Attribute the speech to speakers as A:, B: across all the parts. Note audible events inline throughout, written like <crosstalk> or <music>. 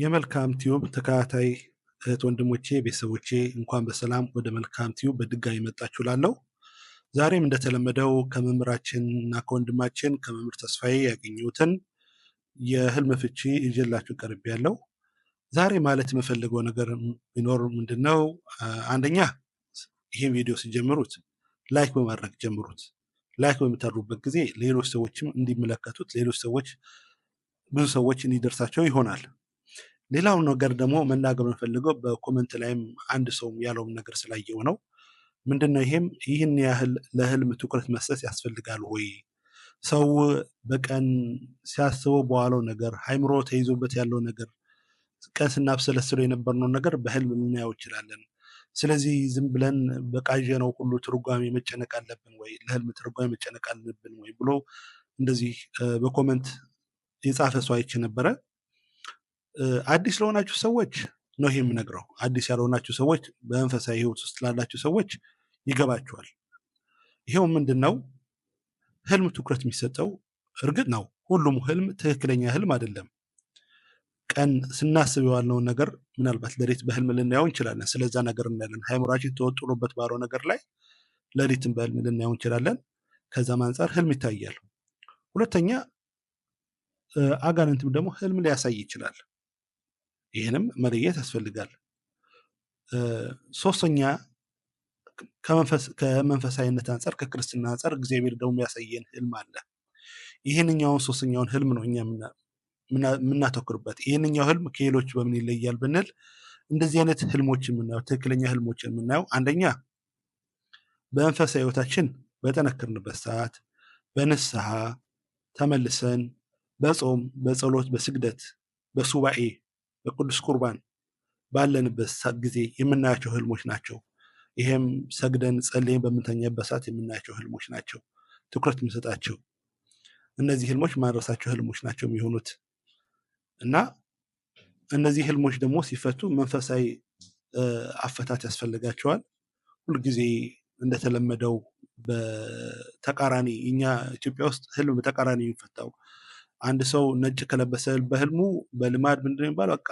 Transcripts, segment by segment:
A: የመልካም ቲዩብ ተከታታይ እህት ወንድሞቼ፣ ቤተሰቦቼ እንኳን በሰላም ወደ መልካም ቲዩብ በድጋሚ መጣችሁ ላለው ዛሬም እንደተለመደው እና ከወንድማችን ከመምህር ተስፋዬ ያገኘሁትን የህልም ፍቺ ይዤላችሁ ቀርቤ ያለው ዛሬ ማለት የምፈልገው ነገር ቢኖር ምንድን ነው? አንደኛ ይህም ቪዲዮ ሲጀምሩት ላይክ በማድረግ ጀምሩት። ላይክ በምታድሩበት ጊዜ ሌሎች ሰዎችም እንዲመለከቱት፣ ሌሎች ሰዎች ብዙ ሰዎች እንዲደርሳቸው ይሆናል። ሌላው ነገር ደግሞ መናገር የምፈልገው በኮመንት ላይም አንድ ሰው ያለውም ነገር ስላየው ነው። ምንድነው ይሄም ይህን ያህል ለህልም ትኩረት መስጠት ያስፈልጋል ወይ? ሰው በቀን ሲያስበው በዋለው ነገር ሃይምሮ ተይዞበት ያለው ነገር ቀን ስናብሰለስሎ የነበርነው ነገር በህልም ልናየው ይችላለን። ስለዚህ ዝም ብለን በቃዥ ነው ሁሉ ትርጓሜ መጨነቅ አለብን ወይ? ለህልም ትርጓሜ መጨነቅ አለብን ወይ ብሎ እንደዚህ በኮመንት የጻፈ ሰው አይቼ ነበረ። አዲስ ለሆናችሁ ሰዎች ነው ይሄ የምነግረው። አዲስ ያልሆናችሁ ሰዎች፣ በመንፈሳዊ ህይወት ውስጥ ላላችሁ ሰዎች ይገባችኋል። ይሄው ምንድን ነው ህልም ትኩረት የሚሰጠው እርግጥ ነው ሁሉም ህልም ትክክለኛ ህልም አይደለም። ቀን ስናስብ የዋልነውን ነገር ምናልባት ለሌት በህልም ልናየው እንችላለን። ስለዛ ነገር እናያለን። ሃይምራችን ተወጥሮበት ባለው ነገር ላይ ለሌትን በህልም ልናየው እንችላለን። ከዛም አንጻር ህልም ይታያል። ሁለተኛ አጋንንትም ደግሞ ህልም ሊያሳይ ይችላል። ይህንም መለየት ያስፈልጋል። ሶስተኛ ከመንፈሳዊነት አንጻር ከክርስትና አንጻር እግዚአብሔር ደግሞ ያሳየን ህልም አለ። ይህንኛውን ሶስተኛውን ህልም ነው እኛ የምናተኩርበት። ይህንኛው ህልም ከሌሎች በምን ይለያል ብንል እንደዚህ አይነት ህልሞች የምናየው ትክክለኛ ህልሞች የምናየው አንደኛ በመንፈሳዊ ህይወታችን በጠነክርንበት ሰዓት በንስሐ ተመልሰን በጾም፣ በጸሎት፣ በስግደት፣ በሱባኤ በቅዱስ ቁርባን ባለንበት ጊዜ የምናያቸው ህልሞች ናቸው። ይሄም ሰግደን ጸልየን በምንተኛበት ሰዓት የምናያቸው ህልሞች ናቸው። ትኩረት የምንሰጣቸው እነዚህ ህልሞች ማድረሳቸው ህልሞች ናቸው የሚሆኑት እና እነዚህ ህልሞች ደግሞ ሲፈቱ መንፈሳዊ አፈታት ያስፈልጋቸዋል። ሁልጊዜ እንደተለመደው በተቃራኒ እኛ ኢትዮጵያ ውስጥ ህልም በተቃራኒ የሚፈታው አንድ ሰው ነጭ ከለበሰ በህልሙ በልማድ ምንድን ነው የሚባለው? በቃ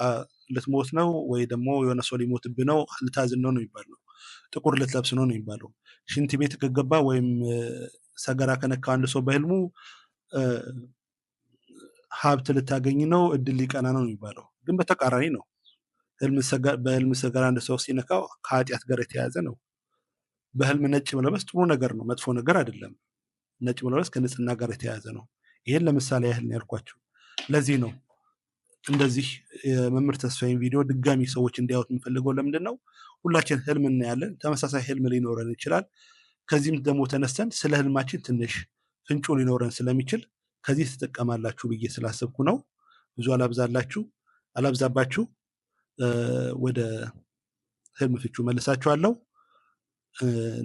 A: ልትሞት ነው ወይ ደግሞ የሆነ ሰው ሊሞትብ ነው ልታዝን ነው ነው የሚባለው። ጥቁር ልትለብስ ነው ነው የሚባለው። ሽንት ቤት ከገባ ወይም ሰገራ ከነካ አንድ ሰው በህልሙ ሀብት ልታገኝ ነው፣ እድል ሊቀና ነው የሚባለው። ግን በተቃራኒ ነው። በህልም ሰገራ አንድ ሰው ሲነካው ከኃጢአት ጋር የተያያዘ ነው። በህልም ነጭ መለበስ ጥሩ ነገር ነው፣ መጥፎ ነገር አይደለም። ነጭ መለበስ ከንጽህና ጋር የተያያዘ ነው። ይህን ለምሳሌ ያህል ነው ያልኳቸው። ለዚህ ነው እንደዚህ የመምህር ተስፋይን ቪዲዮ ድጋሚ ሰዎች እንዲያዩት የምፈልገው። ለምንድን ነው ሁላችን ህልም እናያለን። ተመሳሳይ ህልም ሊኖረን ይችላል። ከዚህም ደግሞ ተነስተን ስለ ህልማችን ትንሽ ፍንጩ ሊኖረን ስለሚችል ከዚህ ትጠቀማላችሁ ብዬ ስላሰብኩ ነው። ብዙ አላብዛላችሁ አላብዛባችሁ ወደ ህልም ፍቹ መልሳችኋለሁ።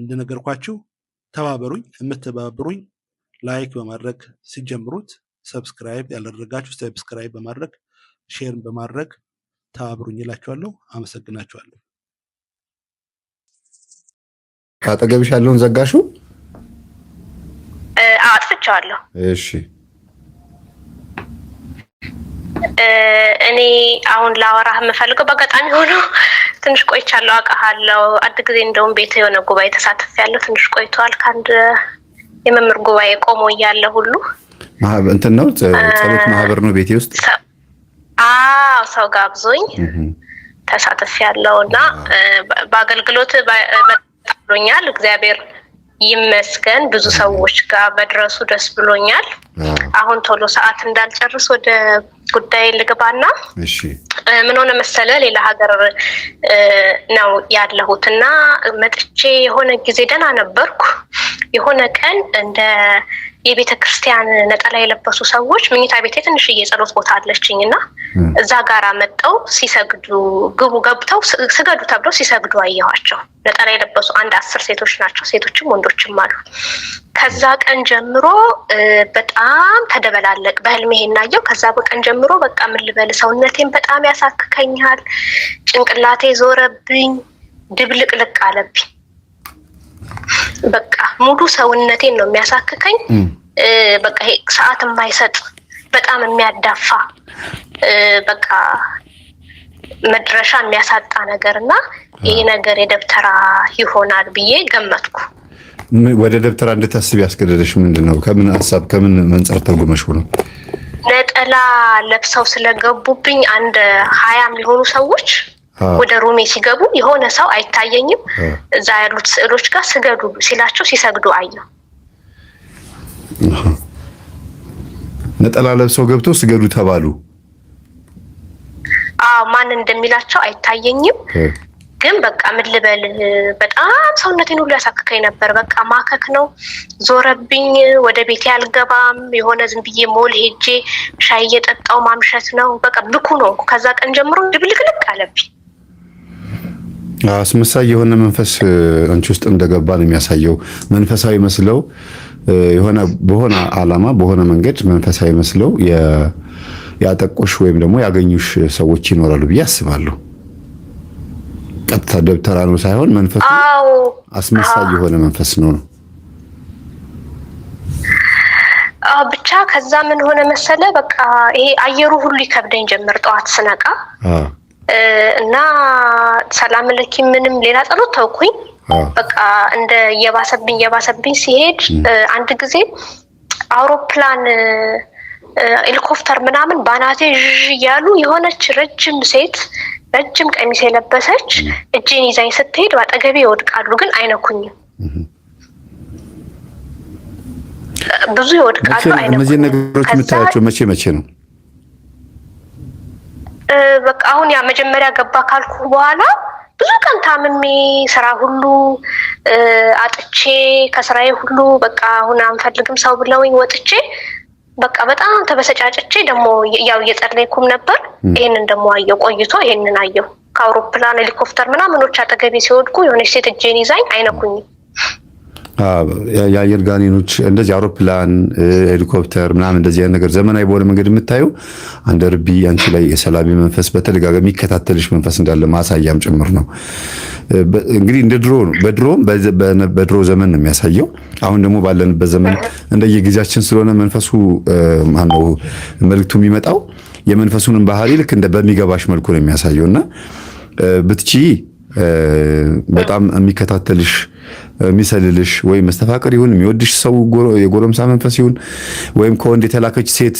A: እንደነገርኳችሁ ተባበሩኝ። የምትተባበሩኝ ላይክ በማድረግ ሲጀምሩት ሰብስክራይብ ያላደረጋችሁ ሰብስክራይብ በማድረግ ሼርን በማድረግ ተባብሩኝ እላችኋለሁ። አመሰግናችኋለሁ። ከአጠገብሽ ያለውን ዘጋሹ?
B: አጥፍቻለሁ። እሺ። እኔ አሁን ላወራህ የምፈልገው በአጋጣሚ ሆኖ ትንሽ ቆይቻለሁ፣ አውቃሃለሁ። አንድ ጊዜ እንደውም ቤት የሆነ ጉባኤ ተሳትፍ ያለው ትንሽ ቆይተዋል ከአንድ የመምህር ጉባኤ ቆሞ እያለ ሁሉ
A: እንትን ነው ጸሎት ማህበር ነው ቤቴ ውስጥ
B: አዎ ሰው ጋብዞኝ ተሳተፍ ያለው እና በአገልግሎት በጣም እግዚአብሔር ይመስገን ብዙ ሰዎች ጋር መድረሱ ደስ ብሎኛል። አሁን ቶሎ ሰዓት እንዳልጨርስ ወደ ጉዳይ ልግባና ምን ሆነ መሰለ ሌላ ሀገር ነው ያለሁት እና መጥቼ የሆነ ጊዜ ደህና ነበርኩ። የሆነ ቀን እንደ የቤተ ክርስቲያን ነጠላ የለበሱ ሰዎች ምኝታ ቤቴ ትንሽዬ የጸሎት ቦታ አለችኝ እና እዛ ጋራ መጠው ሲሰግዱ ግቡ ገብተው ስገዱ ተብለው ሲሰግዱ አየኋቸው። ነጠላ የለበሱ አንድ አስር ሴቶች ናቸው፣ ሴቶችም ወንዶችም አሉ። ከዛ ቀን ጀምሮ በጣም ተደበላለቅ በህልሜ ናየው። ከዛ በቀን ጀምሮ በቃ ምን ልበል ሰውነቴን በጣም ያሳክከኛል፣ ጭንቅላቴ ዞረብኝ፣ ድብልቅልቅ አለብኝ። በቃ ሙሉ ሰውነቴን ነው የሚያሳክከኝ። በቃ ሰዓት የማይሰጥ በጣም የሚያዳፋ በቃ መድረሻ የሚያሳጣ ነገር እና ይህ ነገር የደብተራ ይሆናል ብዬ ገመትኩ።
A: ወደ ደብተራ እንድታስብ ያስገደደሽ ምንድን ነው? ከምን ሀሳብ ከምን መንጻር ተጉመሽ ነው?
B: ነጠላ ለብሰው ስለገቡብኝ አንድ ሀያ የሚሆኑ ሰዎች ወደ ሩሜ ሲገቡ የሆነ ሰው አይታየኝም። እዛ ያሉት ስዕሎች ጋር ስገዱ ሲላቸው ሲሰግዱ አየሁ።
A: ነጠላ ለብሰው ገብተው ስገዱ ተባሉ።
B: አዎ ማን እንደሚላቸው አይታየኝም፣ ግን በቃ ምን ልበል፣ በጣም ሰውነቴን ሁሉ ያሳክከኝ ነበር። በቃ ማከክ ነው ዞረብኝ። ወደ ቤቴ አልገባም። የሆነ ዝም ብዬ ሞል ሄጄ ሻይ እየጠጣው ማምሸት ነው። በቃ ብኩ ነው። ከዛ ቀን ጀምሮ ድብልቅልቅ አለብኝ።
A: አስመሳይ የሆነ መንፈስ አንቺ ውስጥ እንደገባ ነው የሚያሳየው። መንፈሳዊ መስለው የሆነ በሆነ ዓላማ በሆነ መንገድ መንፈሳዊ መስለው ያጠቁሽ ወይም ደግሞ ያገኙሽ ሰዎች ይኖራሉ ብዬ አስባለሁ። ቀጥታ ደብተራ ነው ሳይሆን መንፈሱ አስመሳይ የሆነ መንፈስ ነው ነው
B: ብቻ ከዛ ምን ሆነ መሰለ፣ በቃ ይሄ አየሩ ሁሉ ይከብደኝ ጀምር ጠዋት ስነቃ እና ሰላም ለኪ ምንም ሌላ ጸሎት ተውኩኝ። በቃ እንደ እየባሰብኝ እየባሰብኝ ሲሄድ አንድ ጊዜ አውሮፕላን ሄሊኮፕተር ምናምን ባናቴ ዥ እያሉ የሆነች ረጅም ሴት ረጅም ቀሚስ የለበሰች እጄን ይዛኝ ስትሄድ በአጠገቤ ይወድቃሉ፣ ግን አይነኩኝም። ብዙ
A: ይወድቃሉ፣ እነዚህ ነገሮች የምታያቸው መቼ መቼ ነው?
B: በቃ አሁን ያ መጀመሪያ ገባ ካልኩ በኋላ ብዙ ቀን ታምሜ ስራ ሁሉ አጥቼ ከስራዬ ሁሉ በቃ አሁን አንፈልግም ሰው ብለውኝ ወጥቼ በቃ በጣም ተበሰጫጭቼ ደግሞ ያው እየጸለይኩም ነበር። ይህንን ደግሞ አየው ቆይቶ ይህንን አየው ከአውሮፕላን ሄሊኮፕተር ምናምኖች አጠገቤ ሲወድቁ የሆነች ሴት እጄን ይዛኝ አይነኩኝም
A: የአየር ጋኔኖች እንደዚህ አውሮፕላን፣ ሄሊኮፕተር ምናምን እንደዚህ አይነት ነገር ዘመናዊ በሆነ መንገድ የምታየው አንድ ርቢ አንቺ ላይ የሰላቢ መንፈስ በተደጋጋሚ የሚከታተልሽ መንፈስ እንዳለ ማሳያም ጭምር ነው። እንግዲህ እንደ ድሮ ነው። በድሮም በድሮ ዘመን ነው የሚያሳየው። አሁን ደግሞ ባለንበት ዘመን እንደየጊዜያችን ስለሆነ መንፈሱ ማነው መልክቱ የሚመጣው የመንፈሱንም ባህሪ ልክ እንደ በሚገባሽ መልኩ ነው የሚያሳየው እና ብትቺ በጣም የሚከታተልሽ የሚሰልልሽ ወይም መስተፋቅር ይሁን የሚወድሽ ሰው የጎረምሳ መንፈስ ይሁን ወይም ከወንድ የተላከች ሴት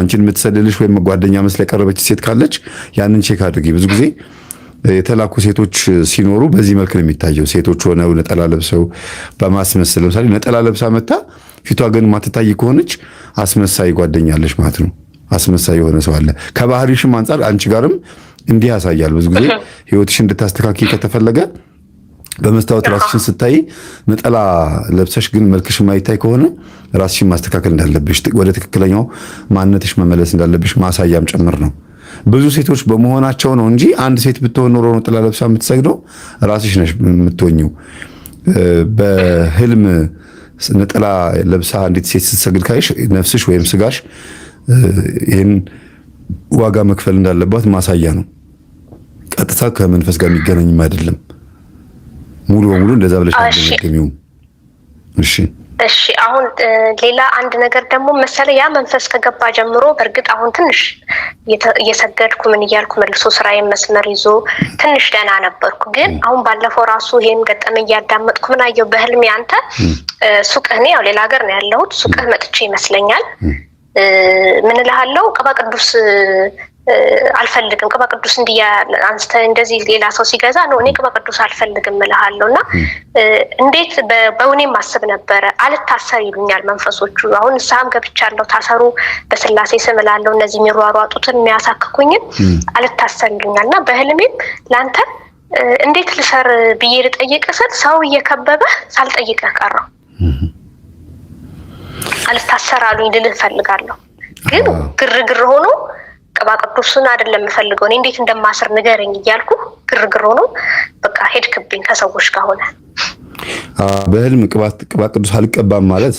A: አንቺን የምትሰልልሽ ወይም ጓደኛ መስላ የቀረበች ሴት ካለች ያንን ቼክ አድርጊ። ብዙ ጊዜ የተላኩ ሴቶች ሲኖሩ በዚህ መልክ ነው የሚታየው። ሴቶች ሆነው ነጠላ ለብሰው በማስመሰል ለምሳሌ ነጠላ ለብሳ መታ ፊቷ ግን ማትታይ ከሆነች አስመሳይ ጓደኛለች ማለት ነው። አስመሳይ የሆነ ሰው አለ። ከባህሪሽም አንጻር አንቺ ጋርም እንዲህ ያሳያል። ብዙ ጊዜ ህይወትሽ እንድታስተካክል ከተፈለገ በመስታወት ራስሽን ስታይ ነጠላ ለብሰሽ ግን መልክሽ ማይታይ ከሆነ ራስሽን ማስተካከል እንዳለብሽ ወደ ትክክለኛው ማንነትሽ መመለስ እንዳለብሽ ማሳያም ጭምር ነው። ብዙ ሴቶች በመሆናቸው ነው እንጂ አንድ ሴት ብትሆን ኖሮ ነጠላ ለብሳ የምትሰግደው ራስሽ ነሽ የምትሆኝው። በህልም ነጠላ ለብሳ አንዲት ሴት ስትሰግድ ካይሽ ነፍስሽ ወይም ስጋሽ ይህን ዋጋ መክፈል እንዳለባት ማሳያ ነው። ቀጥታ ከመንፈስ ጋር የሚገናኝም አይደለም። ሙሉ በሙሉ እንደዛ ብለሽ ነው። እሺ
B: እሺ። አሁን ሌላ አንድ ነገር ደግሞ መሰለ ያ መንፈስ ከገባ ጀምሮ በእርግጥ አሁን ትንሽ እየሰገድኩ ምን እያልኩ መልሶ ስራዬን መስመር ይዞ ትንሽ ደህና ነበርኩ። ግን አሁን ባለፈው ራሱ ይሄን ገጠመ እያዳመጥኩ ምን አየሁ በህልሜ አንተ ሱቅህ፣ እኔ ያው ሌላ ሀገር ነው ያለሁት ሱቅህ መጥቼ ይመስለኛል ምን እልሃለሁ ቅባ ቅዱስ አልፈልግም ቅባ ቅዱስ እንዲያ አንስተ እንደዚህ ሌላ ሰው ሲገዛ ነው እኔ ቅባ ቅዱስ አልፈልግም እልሃለሁ። እና እንዴት በእውኔ ማስብ ነበረ አልታሰር ይሉኛል መንፈሶቹ። አሁን ንስሐም ገብቻለሁ ታሰሩ በስላሴ ስም እላለሁ። እነዚህ የሚሯሯጡትን የሚያሳክኩኝን አልታሰር ይሉኛል እና በህልሜም ለአንተ እንዴት ልሰር ብዬ ልጠይቅ ስል ሰው እየከበበ ሳልጠይቀ ቀረው። አልታሰራሉኝ አሉኝ ልልህ እፈልጋለሁ። ግን ግርግር ሆኖ ቅባ ቅዱስን አይደለም የምፈልገው እኔ እንዴት እንደማስር ንገረኝ እያልኩ ግርግር ሆኖ በቃ ሄድክብኝ ከሰዎች ጋር ሆነ።
A: በህልም ቅባ ቅዱስ አልቀባም ማለት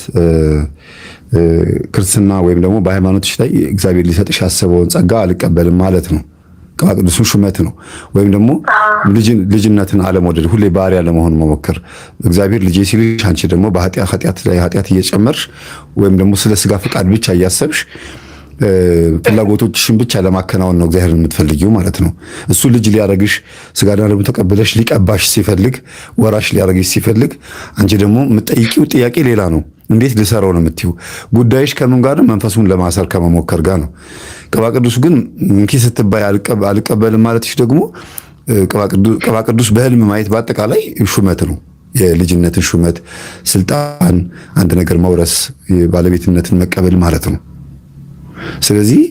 A: ክርስትና ወይም ደግሞ በሃይማኖቶች ላይ እግዚአብሔር ሊሰጥሽ ያሰበውን ጸጋ አልቀበልም ማለት ነው። ቅባት ቅዱሱ ሹመት ነው፣ ወይም ደግሞ ልጅነትን አለመውደድ፣ ሁሌ ባሪያ ለመሆን መሞከር። እግዚአብሔር ልጄ ሲልሽ አንቺ ደግሞ በኃጢአት ላይ ኃጢአት እየጨመርሽ ወይም ደግሞ ስለ ስጋ ፈቃድ ብቻ እያሰብሽ ፍላጎቶችሽን ብቻ ለማከናወን ነው እግዚአብሔር የምትፈልጊው ማለት ነው። እሱ ልጅ ሊያደርግሽ ስጋ ደግሞ ተቀብለሽ ሊቀባሽ ሲፈልግ፣ ወራሽ ሊያደርግሽ ሲፈልግ፣ አንቺ ደግሞ የምጠይቂው ጥያቄ ሌላ ነው። እንዴት ልሰራው ነው የምትይው። ጉዳይሽ ከምን ጋር ነው? መንፈሱን ለማሰር ከመሞከር ጋር ነው። ቅባ ቅዱስ ግን እንኪ ስትባይ አልቀበልም ማለትሽ ደግሞ ቅባ ቅዱስ በህልም ማየት በአጠቃላይ ሹመት ነው። የልጅነትን ሹመት፣ ስልጣን፣ አንድ ነገር መውረስ፣ ባለቤትነትን መቀበል ማለት ነው። ስለዚህ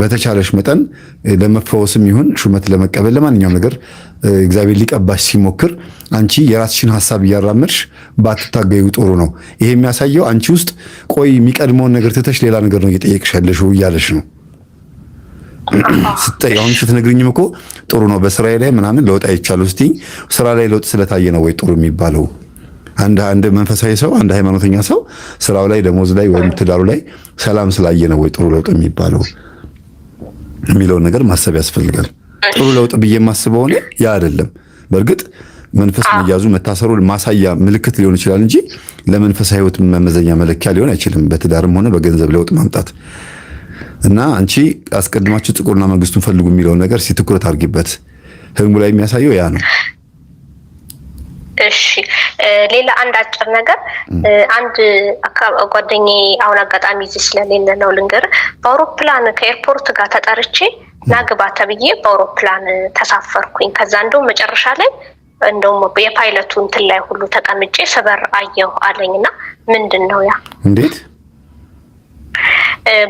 A: በተቻለሽ መጠን ለመፈወስም ይሁን ሹመት ለመቀበል ለማንኛውም ነገር እግዚአብሔር ሊቀባሽ ሲሞክር አንቺ የራስሽን ሀሳብ እያራመድሽ ባትታገዩ ጥሩ ነው። ይሄ የሚያሳየው አንቺ ውስጥ ቆይ የሚቀድመውን ነገር ትተሽ ሌላ ነገር ነው እየጠየቅሽ ያለሽው እያለሽ ነው ስጠይ አሁን ስትነግርኝም እኮ ጥሩ ነው። በስራዬ ላይ ምናምን ለውጥ አይቻሉ ስትይኝ ስራ ላይ ለውጥ ስለታየ ነው ወይ ጥሩ የሚባለው? አንድ አንድ መንፈሳዊ ሰው አንድ ሃይማኖተኛ ሰው ስራው ላይ ደሞዝ ላይ ወይም ትዳሩ ላይ ሰላም ስላየ ነው ወይ ጥሩ ለውጥ የሚባለው የሚለውን ነገር ማሰብ ያስፈልጋል። ጥሩ ለውጥ ብዬ የማስበው እኔ ያ አይደለም። በእርግጥ መንፈስ መያዙ መታሰሩ ማሳያ ምልክት ሊሆን ይችላል እንጂ ለመንፈሳዊ ህይወት መመዘኛ መለኪያ ሊሆን አይችልም። በትዳርም ሆነ በገንዘብ ለውጥ ማምጣት እና አንቺ አስቀድማችሁ ጥቁርና መንግስቱን ፈልጉ የሚለውን ነገር ሲትኩረት አድርጊበት። ህልሙ ላይ የሚያሳየው ያ ነው።
B: እሺ ሌላ አንድ አጭር ነገር፣ አንድ ጓደኛዬ አሁን አጋጣሚ እዚህ ስለሌለ ነው ልንገር። በአውሮፕላን ከኤርፖርት ጋር ተጠርቼ ናግባ ተብዬ በአውሮፕላን ተሳፈርኩኝ። ከዛ እንደውም መጨረሻ ላይ እንደውም የፓይለቱ እንትን ላይ ሁሉ ተቀምጬ ስበር አየሁ አለኝ እና ምንድን ነው ያ? እንዴት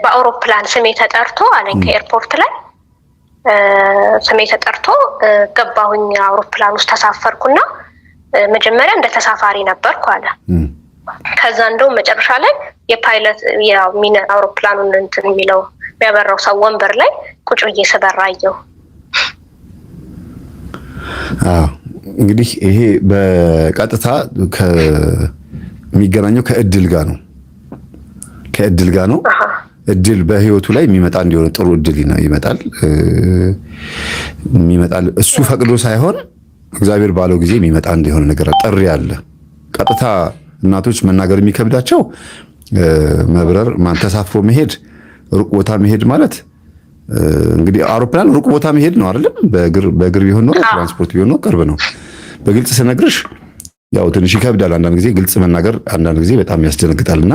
B: በአውሮፕላን ስሜ ተጠርቶ አለኝ ከኤርፖርት ላይ ስሜ ተጠርቶ ገባሁኝ አውሮፕላን ውስጥ ተሳፈርኩና መጀመሪያ እንደ ተሳፋሪ ነበርኩ አለ። ከዛ እንደውም መጨረሻ ላይ የፓይለት ሚነ አውሮፕላኑን እንትን የሚለው የሚያበራው ሰው ወንበር ላይ ቁጭ ብዬ ስበራየው
A: እንግዲህ ይሄ በቀጥታ የሚገናኘው ከእድል ጋር ነው። ከእድል ጋር ነው። እድል በህይወቱ ላይ የሚመጣ እንዲሆነ ጥሩ እድል ይመጣል የሚመጣል እሱ ፈቅዶ ሳይሆን እግዚአብሔር ባለው ጊዜ የሚመጣ እንደሆነ ነገር ጥሪ አለ። ቀጥታ እናቶች መናገር የሚከብዳቸው መብረር ተሳፍሮ መሄድ ሩቅ ቦታ መሄድ ማለት እንግዲህ አውሮፕላን ሩቅ ቦታ መሄድ ነው አይደለም። በእግር ቢሆን ኖሮ ትራንስፖርት ቢሆን ኖሮ ቅርብ ነው። በግልጽ ስነግርሽ ያው ትንሽ ይከብዳል። አንዳንድ ጊዜ ግልጽ መናገር አንዳንድ ጊዜ በጣም ያስደነግጣልና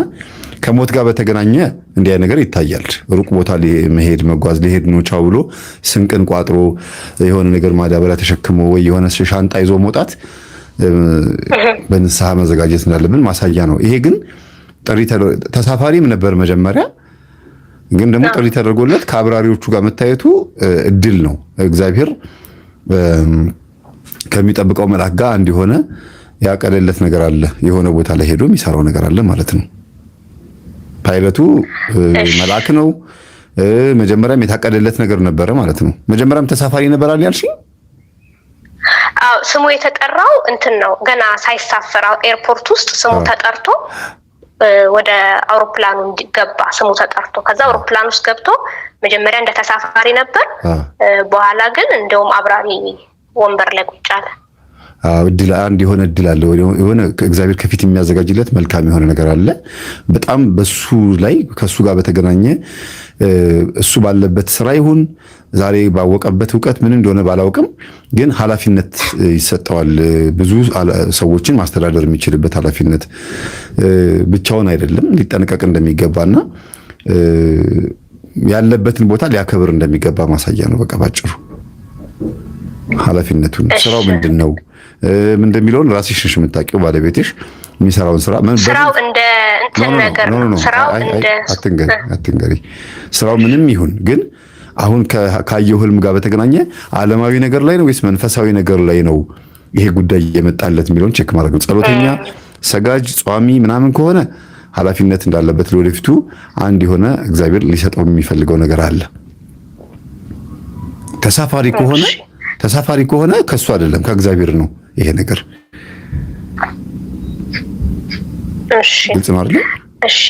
A: ከሞት ጋር በተገናኘ እንዲህ ነገር ይታያል። ሩቅ ቦታ መሄድ መጓዝ ሊሄድ ነው ቻው ብሎ ስንቅን ቋጥሮ የሆነ ነገር ማዳበሪያ ተሸክሞ ወይ የሆነ ሻንጣ ይዞ መውጣት በንስሐ መዘጋጀት እንዳለብን ማሳያ ነው። ይሄ ግን ጥሪ ተሳፋሪም ነበር መጀመሪያ ግን ደግሞ ጥሪ ተደርጎለት ከአብራሪዎቹ ጋር መታየቱ እድል ነው። እግዚአብሔር ከሚጠብቀው መልአክ ጋር እንዲሆነ ያቀለለት ነገር አለ። የሆነ ቦታ ላይ ሄዶ የሚሰራው ነገር አለ ማለት ነው። ፓይለቱ መልአክ ነው። መጀመሪያም የታቀደለት ነገር ነበረ ማለት ነው። መጀመሪያም ተሳፋሪ ነበራል ያልሽ?
B: ስሙ የተጠራው እንትን ነው። ገና ሳይሳፈር ኤርፖርት ውስጥ ስሙ ተጠርቶ ወደ አውሮፕላኑ እንዲገባ ስሙ ተጠርቶ ከዛ አውሮፕላን ውስጥ ገብቶ መጀመሪያ እንደ ተሳፋሪ ነበር። በኋላ ግን እንደውም አብራሪ ወንበር ላይ ቁጭ አለ።
A: አንድ የሆነ እድል አለ፣ የሆነ እግዚአብሔር ከፊት የሚያዘጋጅለት መልካም የሆነ ነገር አለ። በጣም በሱ ላይ ከሱ ጋር በተገናኘ እሱ ባለበት ስራ ይሁን ዛሬ ባወቀበት እውቀት ምን እንደሆነ ባላውቅም፣ ግን ኃላፊነት ይሰጠዋል። ብዙ ሰዎችን ማስተዳደር የሚችልበት ኃላፊነት ብቻውን አይደለም፣ ሊጠነቀቅ እንደሚገባና ያለበትን ቦታ ሊያከብር እንደሚገባ ማሳያ ነው። በቃ ባጭሩ ኃላፊነቱን ስራው ምንድን ነው እንደሚለውን ራስሽ ነሽ የምታውቂው። ባለቤትሽ የሚሰራውን ስራ ስራው እንደ እንትን ነገር ነው። አትንገሪ። ስራው ምንም ይሁን ግን አሁን ካየው ህልም ጋር በተገናኘ ዓለማዊ ነገር ላይ ነው ወይስ መንፈሳዊ ነገር ላይ ነው ይሄ ጉዳይ የመጣለት የሚለውን ቼክ ማድረግ ነው። ጸሎተኛ፣ ሰጋጅ፣ ጿሚ ምናምን ከሆነ ኃላፊነት እንዳለበት ለወደፊቱ አንድ የሆነ እግዚአብሔር ሊሰጠው የሚፈልገው ነገር አለ። ተሳፋሪ ከሆነ ተሳፋሪ ከሆነ ከሱ አይደለም ከእግዚአብሔር ነው ይሄ ነገር። እሺ ግልጽ ነው አይደል?
B: እሺ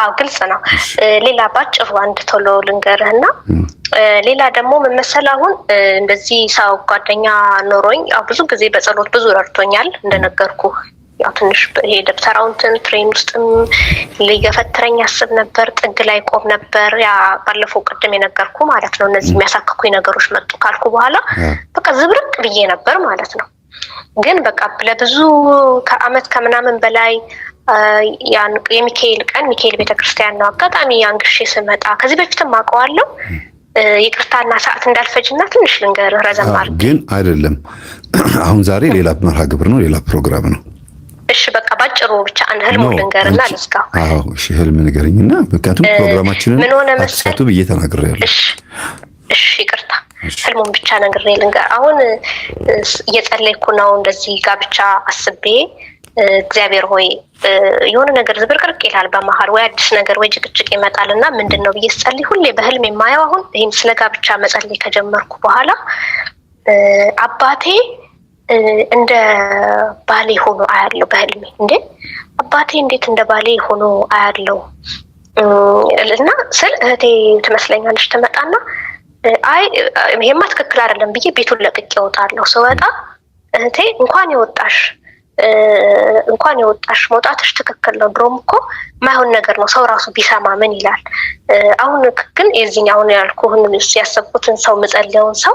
B: አዎ ግልጽ ነው። ሌላ ባጭሩ አንድ ቶሎ ልንገርህና ሌላ ደግሞ ምን አሁን እንደዚህ ሰው ጓደኛ ኖሮኝ ብዙ ጊዜ በጸሎት ብዙ ረድቶኛል እንደነገርኩ ያው ትንሽ ይሄ ደብተራው እንትን ትሬን ውስጥም ሊገፈትረኝ ያስብ ነበር። ጥግ ላይ ቆም ነበር። ያ ባለፈው ቅድም የነገርኩ ማለት ነው። እነዚህ የሚያሳክኩኝ ነገሮች መጡ ካልኩ በኋላ በቃ ዝብርቅ ብዬ ነበር ማለት ነው። ግን በቃ ለብዙ ከአመት ከምናምን በላይ የሚካኤል ቀን ሚካኤል ቤተክርስቲያን ነው አጋጣሚ አንግሼ ስመጣ ከዚህ በፊትም አውቀዋለሁ። ይቅርታና ሰዓት እንዳልፈጅና ትንሽ ልንገር ረዘም
A: ግን አይደለም <clears throat> አሁን ዛሬ ሌላ መርሃ ግብር ነው፣ ሌላ ፕሮግራም ነው።
B: እሺ በቃ ባጭሩ ብቻ አንድ ህልሙ ልንገርና ልዝጋው።
A: አዎ እሺ ህልም ንገርኝና፣ ምክንያቱም ፕሮግራማችንን ምን
B: ሆነ መሰለህ
A: ብዬ ተናግሬያለሁ። እሺ
B: እሺ ይቅርታ፣ ህልሙን ብቻ ነግሬ ልንገር። አሁን እየጸለይኩ ነው እንደዚህ ጋር ብቻ አስቤ እግዚአብሔር ሆይ የሆነ ነገር ዝብርቅርቅ ይላል በመሀል ወይ አዲስ ነገር ወይ ጭቅጭቅ ይመጣል እና ምንድን ነው ብዬ ስጸልይ ሁሌ በህልም የማየው አሁን ይህም ስለ ጋብቻ መጸለይ ከጀመርኩ በኋላ አባቴ እንደ ባሌ ሆኖ አያለው በህልሜ እንዴ አባቴ እንዴት እንደ ባሌ ሆኖ አያለው እና ስል እህቴ ትመስለኛለች። ትመጣና አይ ይሄማ ትክክል አይደለም ብዬ ቤቱን ለቅቄ እወጣለሁ። ስወጣ እህቴ እንኳን የወጣሽ እንኳን የወጣሽ መውጣትሽ ትክክል ነው። ድሮም እኮ ማይሆን ነገር ነው። ሰው ራሱ ቢሰማ ምን ይላል? አሁን ግን የዚህን አሁን ያልኩህን ያሰብኩትን ሰው ምጸለውን ሰው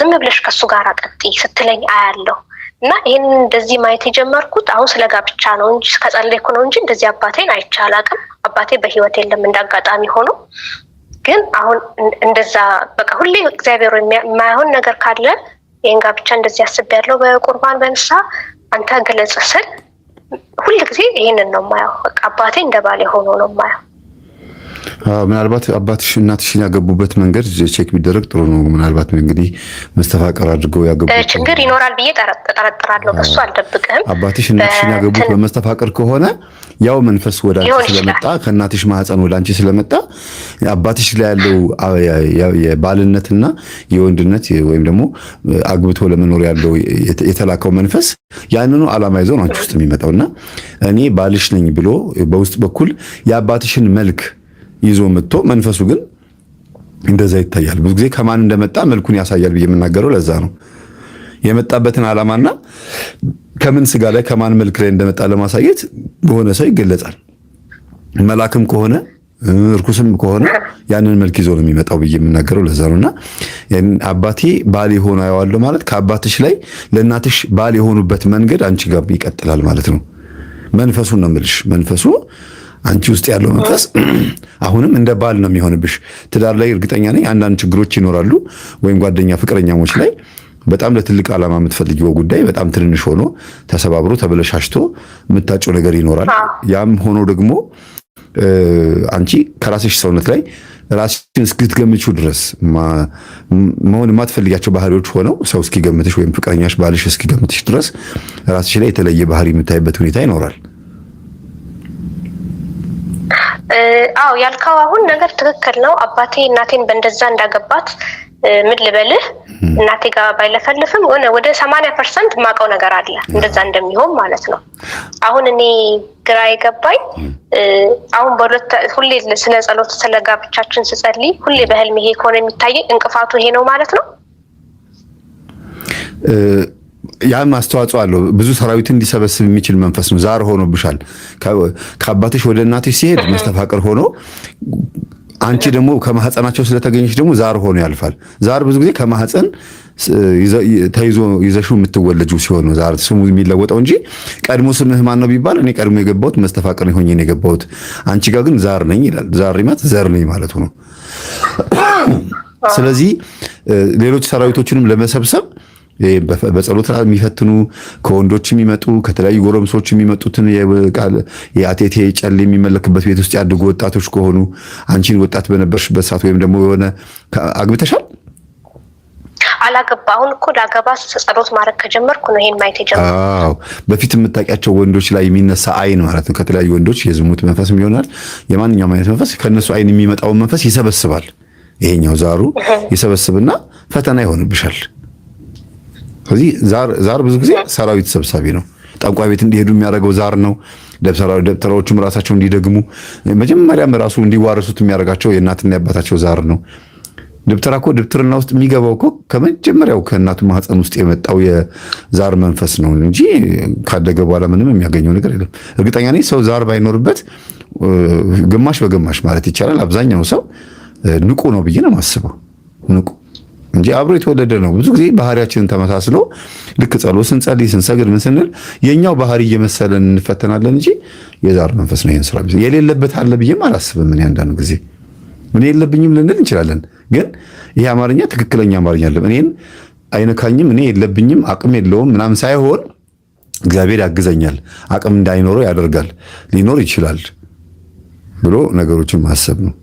B: ዝም ብለሽ ከሱ ጋር ቀጥይ ስትለኝ አያለሁ እና ይህን እንደዚህ ማየት የጀመርኩት አሁን ስለ ጋብቻ ነው እንጂ ከጸለይኩ ነው እንጂ እንደዚህ አባቴን አይቼ አላውቅም። አባቴ በህይወት የለም እንዳጋጣሚ ሆኖ ግን አሁን እንደዛ በቃ ሁሌ እግዚአብሔር የማይሆን ነገር ካለ ይህን ጋብቻ እንደዚህ አስቤያለሁ በቁርባን በንሳ አንተ ግለጽ ስል ሁልጊዜ ይህንን ነው ማየው አባቴ እንደ ባሌ ሆኖ ነው ማያው
A: ምናልባት አባትሽ እናትሽን ያገቡበት መንገድ ቼክ ቢደረግ ጥሩ ነው። ምናልባት እንግዲህ መስተፋቀር አድርገው ያገቡ
B: ችግር ይኖራል ብዬ ጠረጥራለሁ። እሱ አልደብቅም።
A: አባትሽ እናትሽን ያገቡት በመስተፋቀር ከሆነ ያው መንፈስ ወደ አንቺ ስለመጣ ከእናትሽ ማህፀን ወደ አንቺ ስለመጣ አባትሽ ላይ ያለው የባልነትና የወንድነት ወይም ደግሞ አግብቶ ለመኖር ያለው የተላከው መንፈስ ያንኑ አላማ ይዞ ነው አንቺ ውስጥ እና እኔ ባልሽ ነኝ ብሎ በውስጥ በኩል የአባትሽን መልክ ይዞ መጥቶ መንፈሱ ግን እንደዛ ይታያል። ብዙ ጊዜ ከማን እንደመጣ መልኩን ያሳያል ብዬ የምናገረው ለዛ ነው። የመጣበትን ዓላማና ከምን ስጋ ላይ ከማን መልክ ላይ እንደመጣ ለማሳየት በሆነ ሰው ይገለጻል። መልአክም ከሆነ እርኩስም ከሆነ ያንን መልክ ይዞ ነው የሚመጣው ብዬ የምናገረው ለዛ ነውና አባቴ ባል የሆነ አየዋለሁ ማለት ከአባትሽ ላይ ለእናትሽ ባል የሆኑበት መንገድ አንቺ ጋር ይቀጥላል ማለት ነው። መንፈሱን ነው የምልሽ መንፈሱ አንቺ ውስጥ ያለው መንፈስ አሁንም እንደ ባል ነው የሚሆንብሽ። ትዳር ላይ እርግጠኛ ነኝ አንዳንድ ችግሮች ይኖራሉ፣ ወይም ጓደኛ ፍቅረኛሞች ላይ በጣም ለትልቅ ዓላማ የምትፈልጊው ጉዳይ በጣም ትንንሽ ሆኖ ተሰባብሮ ተበለሻሽቶ የምታጭው ነገር ይኖራል። ያም ሆኖ ደግሞ አንቺ ከራስሽ ሰውነት ላይ ራስሽን እስክትገምችው ድረስ መሆን የማትፈልጋቸው ባህሪዎች ሆነው ሰው እስኪገምትሽ ወይም ፍቅረኛሽ ባልሽ እስኪገምትሽ ድረስ ራስሽ ላይ የተለየ ባህሪ የምታይበት ሁኔታ ይኖራል።
B: አዎ ያልካው አሁን ነገር ትክክል ነው። አባቴ እናቴን በእንደዛ እንዳገባት ምን ልበልህ እናቴ ጋር ባይለፈልፍም ሆነ ወደ ሰማንያ ፐርሰንት የማውቀው ነገር አለ እንደዛ እንደሚሆን ማለት ነው። አሁን እኔ ግራ የገባኝ አሁን በሁለት ሁሌ ስለ ጸሎት ስለ ጋብቻችን ስጸልይ ሁሌ በህልም ይሄ ከሆነ የሚታየኝ እንቅፋቱ ይሄ ነው ማለት ነው።
A: ያም አስተዋጽኦ አለው። ብዙ ሰራዊት እንዲሰበስብ የሚችል መንፈስ ነው። ዛር ሆኖብሻል። ከአባትሽ ወደ እናትሽ ሲሄድ መስተፋቅር ሆኖ አንቺ ደግሞ ከማህፀናቸው ስለተገኘች ደግሞ ዛር ሆኖ ያልፋል። ዛር ብዙ ጊዜ ከማህፀን ተይዞ ይዘሹ የምትወለጁ ሲሆን ነው ዛር ስሙ የሚለወጠው እንጂ ቀድሞ ስምህ ማን ነው ቢባል እኔ ቀድሞ የገባሁት መስተፋቅር ሆኜ ነው የገባሁት። አንቺ ጋር ግን ዛር ነኝ ይላል። ዛር ማለት ዘር ነኝ ማለት ነው። ስለዚህ ሌሎች ሰራዊቶችንም ለመሰብሰብ በጸሎት የሚፈትኑ ከወንዶች የሚመጡ ከተለያዩ ጎረምሶች የሚመጡትን የአቴቴ ጨሌ የሚመለክበት ቤት ውስጥ ያድጉ ወጣቶች ከሆኑ አንቺን ወጣት በነበርሽበት ሰዓት ወይም ደግሞ የሆነ አግብተሻል?
B: አላገባ አሁን እኮ ላገባ ጸሎት ማድረግ ከጀመርኩ ነው ይሄን ማየት
A: የጀመርኩ። በፊት የምታውቂያቸው ወንዶች ላይ የሚነሳ አይን ማለት ነው። ከተለያዩ ወንዶች የዝሙት መንፈስ ይሆናል፣ የማንኛውም አይነት መንፈስ ከእነሱ አይን የሚመጣውን መንፈስ ይሰበስባል። ይሄኛው ዛሩ ይሰበስብና ፈተና ይሆንብሻል። ስለዚህ ዛር ብዙ ጊዜ ሰራዊት ሰብሳቢ ነው። ጠንቋይ ቤት እንዲሄዱ የሚያደርገው ዛር ነው። ደብተራዎቹም ራሳቸው እንዲደግሙ መጀመሪያም ራሱ እንዲዋረሱት የሚያደርጋቸው የእናትና የአባታቸው ዛር ነው። ደብተራ እኮ ድብትርና ውስጥ የሚገባው እኮ ከመጀመሪያው ከእናቱ ማህፀን ውስጥ የመጣው የዛር መንፈስ ነው እንጂ ካደገ በኋላ ምንም የሚያገኘው ነገር የለም። እርግጠኛ ነኝ ሰው ዛር ባይኖርበት ግማሽ በግማሽ ማለት ይቻላል አብዛኛው ሰው ንቁ ነው ብዬ ነው የማስበው። ንቁ እንጂ አብሮ የተወለደ ነው። ብዙ ጊዜ ባህሪያችንን ተመሳስሎ ልክ ጸሎት ስንጸልይ ስንሰግድ ምን ስንል የኛው ባህሪ እየመሰለን እንፈተናለን እንጂ የዛር መንፈስ ነው ይህን ስራ የሌለበት አለ ብዬም አላስብም። እኔ አንዳንድ ጊዜ እኔ የለብኝም ልንል እንችላለን፣ ግን ይህ አማርኛ ትክክለኛ አማርኛ አለም እኔን አይነካኝም፣ እኔ የለብኝም፣ አቅም የለውም ምናምን ሳይሆን እግዚአብሔር ያግዘኛል፣ አቅም እንዳይኖረው ያደርጋል፣ ሊኖር ይችላል ብሎ ነገሮችን ማሰብ ነው።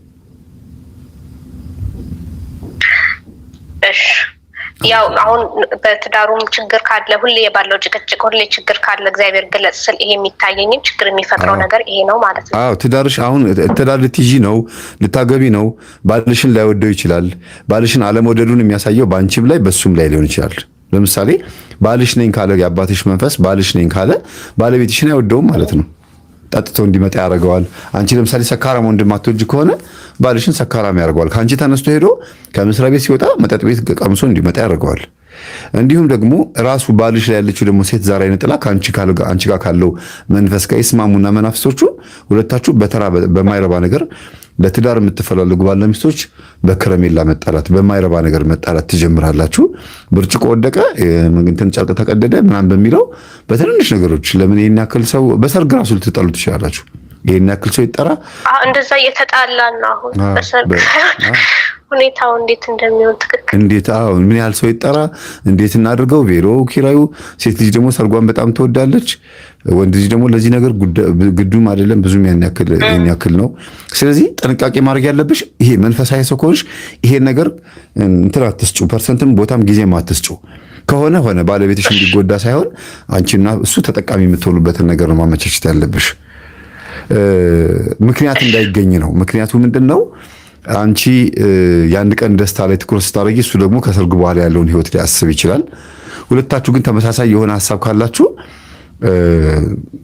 B: ያው አሁን በትዳሩም ችግር ካለ ሁሌ ባለው ጭቅጭቅ ሁሌ ችግር ካለ እግዚአብሔር ገለጽ ስል ይሄ የሚታየኝም ችግር የሚፈጥረው ነገር ይሄ ነው ማለት
A: ነው። አዎ ትዳርሽ አሁን ትዳር ልትይዢ ነው ልታገቢ ነው። ባልሽን ላይወደው ይችላል። ባልሽን አለመውደዱን የሚያሳየው በአንቺም ላይ በሱም ላይ ሊሆን ይችላል። ለምሳሌ ባልሽ ነኝ ካለ የአባትሽ መንፈስ ባልሽ ነኝ ካለ ባለቤትሽን አይወደውም ማለት ነው። ጠጥቶ እንዲመጣ ያደርገዋል። አንቺ ለምሳሌ ሰካራም ወንድም አትወጂ ከሆነ ባልሽን ሰካራም ያደርገዋል። ከአንቺ ተነስቶ ሄዶ ከመስሪያ ቤት ሲወጣ መጠጥ ቤት ቀምሶ እንዲመጣ ያደርገዋል። እንዲሁም ደግሞ ራሱ ባልሽ ላይ ያለችው ደግሞ ሴት ዛር አይነ ጥላ ከአንቺ ጋር ካለው መንፈስ ጋር ይስማሙና መናፍሶቹ ሁለታችሁ በተራ በማይረባ ነገር ለትዳር የምትፈላልጉ ባለ ሚስቶች በከረሜላ መጣላት፣ በማይረባ ነገር መጣላት ትጀምራላችሁ። ብርጭቆ ወደቀ፣ እንትን ጨርቅ ተቀደደ ምናምን በሚለው በትንንሽ ነገሮች ለምን ይህን ያክል ሰው በሰርግ ራሱ ልትጣሉ ትችላላችሁ። ይህን ያክል ሰው ይጠራ።
B: እንደዛ እየተጣላን ነው አሁን በሰርግ ሁኔታው እንዴት እንደሚሆን ትክክል።
A: እንዴት ምን ያህል ሰው ይጠራ፣ እንዴት እናድርገው? ቬሮ ኪራዩ። ሴት ልጅ ደግሞ ሰርጓን በጣም ትወዳለች። ወንድ ልጅ ደግሞ ለዚህ ነገር ግዱም አይደለም ብዙም ያን ያክል ነው። ስለዚህ ጥንቃቄ ማድረግ ያለብሽ ይሄ መንፈሳዊ ሰው ከሆንሽ ይሄን ነገር እንትን አትስጩ፣ ፐርሰንትም ቦታም ጊዜም አትስጩ። ከሆነ ሆነ ባለቤትሽ እንዲጎዳ ሳይሆን አንቺና እሱ ተጠቃሚ የምትሆኑበትን ነገር ነው ማመቻቸት ያለብሽ። ምክንያት እንዳይገኝ ነው። ምክንያቱ ምንድን ነው? አንቺ የአንድ ቀን ደስታ ላይ ትኩረት ስታደርጊ፣ እሱ ደግሞ ከሰርጉ በኋላ ያለውን ህይወት ሊያስብ ይችላል። ሁለታችሁ ግን ተመሳሳይ የሆነ ሀሳብ ካላችሁ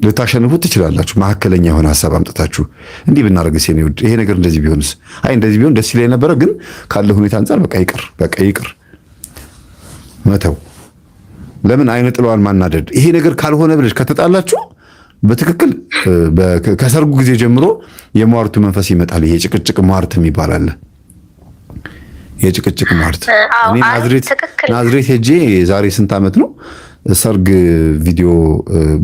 A: ልታሸንፉት ትችላላችሁ። መካከለኛ የሆነ ሀሳብ አምጥታችሁ እንዲህ ብናደርግስ ሴ ውድ ይሄ ነገር እንደዚህ ቢሆንስ፣ አይ እንደዚህ ቢሆን ደስ ይለኝ ነበረ፣ ግን ካለ ሁኔታ አንጻር በቃ ይቅር፣ በቃ ይቅር መተው። ለምን አይነ ጥለዋን ማናደድ? ይሄ ነገር ካልሆነ ብለሽ ከተጣላችሁ በትክክል ከሰርጉ ጊዜ ጀምሮ የሟርቱ መንፈስ ይመጣል። የጭቅጭቅ ሟርት የሚባል አለ። የጭቅጭቅ ሟርት ናዝሬት ሄጄ የዛሬ ስንት ዓመት ነው ሰርግ ቪዲዮ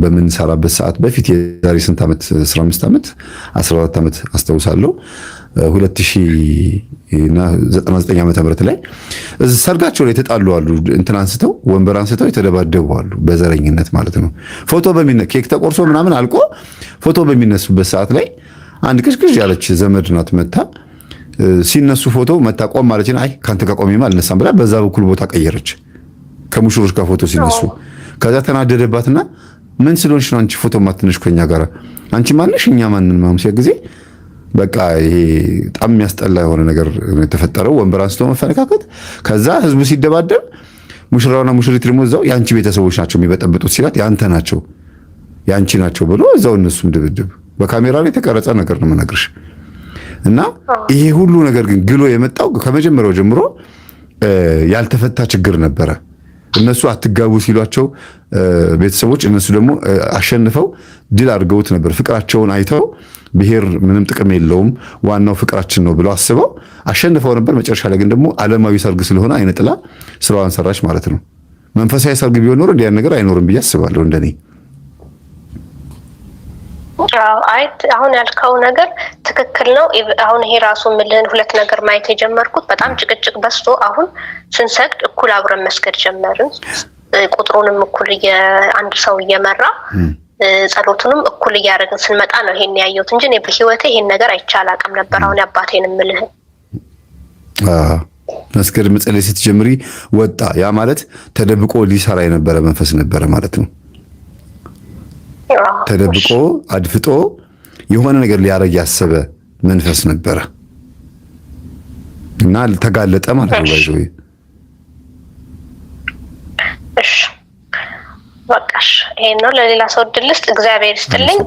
A: በምንሰራበት ሰዓት በፊት የዛሬ ስንት ዓመት 15 ዓመት 14 ዓመት አስታውሳለሁ። 2099 ዓመተ ምህረት ላይ ሰርጋቸው ላይ የተጣሉ አሉ። እንትን አንስተው ወንበር አንስተው የተደባደቡ አሉ። በዘረኝነት ማለት ነው። ፎቶ በሚነ ኬክ ተቆርሶ ምናምን አልቆ ፎቶ በሚነሱበት ሰዓት ላይ አንድ ቅዥቅዥ ያለች ዘመድ ናት መታ ሲነሱ ፎቶ መታ ቆም ማለች አይ ከአንተ ጋር ቆሜማ አልነሳም ብላ በዛ በኩል ቦታ ቀየረች። ከሙሽሮች ጋር ፎቶ ሲነሱ ከዛ ተናደደባትና ምን ስለሆንሽ ነው አንቺ ፎቶ ማትነሽ ከኛ ጋር አንቺ ማነሽ እኛ ማንን ማምሲያ ጊዜ በቃ ይሄ በጣም የሚያስጠላ የሆነ ነገር የተፈጠረው፣ ወንበር አንስቶ መፈነካከት። ከዛ ህዝቡ ሲደባደብ ሙሽራውና ሙሽሪት ደግሞ እዛው የአንቺ ቤተሰቦች ናቸው የሚበጠብጡት ሲላት የአንተ ናቸው የአንቺ ናቸው ብሎ እዛው እነሱም ድብድብ። በካሜራ ላይ የተቀረጸ ነገር ነው የምነግርሽ። እና ይሄ ሁሉ ነገር ግን ግሎ የመጣው ከመጀመሪያው ጀምሮ ያልተፈታ ችግር ነበረ። እነሱ አትጋቡ ሲሏቸው ቤተሰቦች እነሱ ደግሞ አሸንፈው ድል አድርገውት ነበር ፍቅራቸውን አይተው ብሔር ምንም ጥቅም የለውም፣ ዋናው ፍቅራችን ነው ብለው አስበው አሸንፈው ነበር። መጨረሻ ላይ ግን ደግሞ ዓለማዊ ሰርግ ስለሆነ አይነ ጥላ ስራዋን ሰራች ማለት ነው። መንፈሳዊ ሰርግ ቢሆን ኖሮ እንዲያን ነገር አይኖርም ብዬ አስባለሁ እንደኔ።
B: አሁን ያልከው ነገር ትክክል ነው። አሁን ይሄ ራሱ ምልህን ሁለት ነገር ማየት የጀመርኩት በጣም ጭቅጭቅ በዝቶ አሁን ስንሰግድ እኩል አብረን መስገድ ጀመርን። ቁጥሩንም እኩል አንድ ሰው እየመራ ጸሎቱንም እኩል እያደረግን ስንመጣ ነው ይሄን ያየሁት እንጂ እኔ በህይወቴ ይሄን ነገር አይቻል አቅም ነበር። አሁን አባቴን የምልህ
A: መስገድ መጸለይ ስትጀምሪ ወጣ። ያ ማለት ተደብቆ ሊሰራ የነበረ መንፈስ ነበረ ማለት ነው። ተደብቆ አድፍጦ የሆነ ነገር ሊያደርግ ያሰበ መንፈስ ነበረ እና ተጋለጠ ማለት ነው። ባይዘ እሺ በቃሽ። ይሄን ነው ለሌላ ሰው እድል እግዚአብሔር ይስጥልኝ።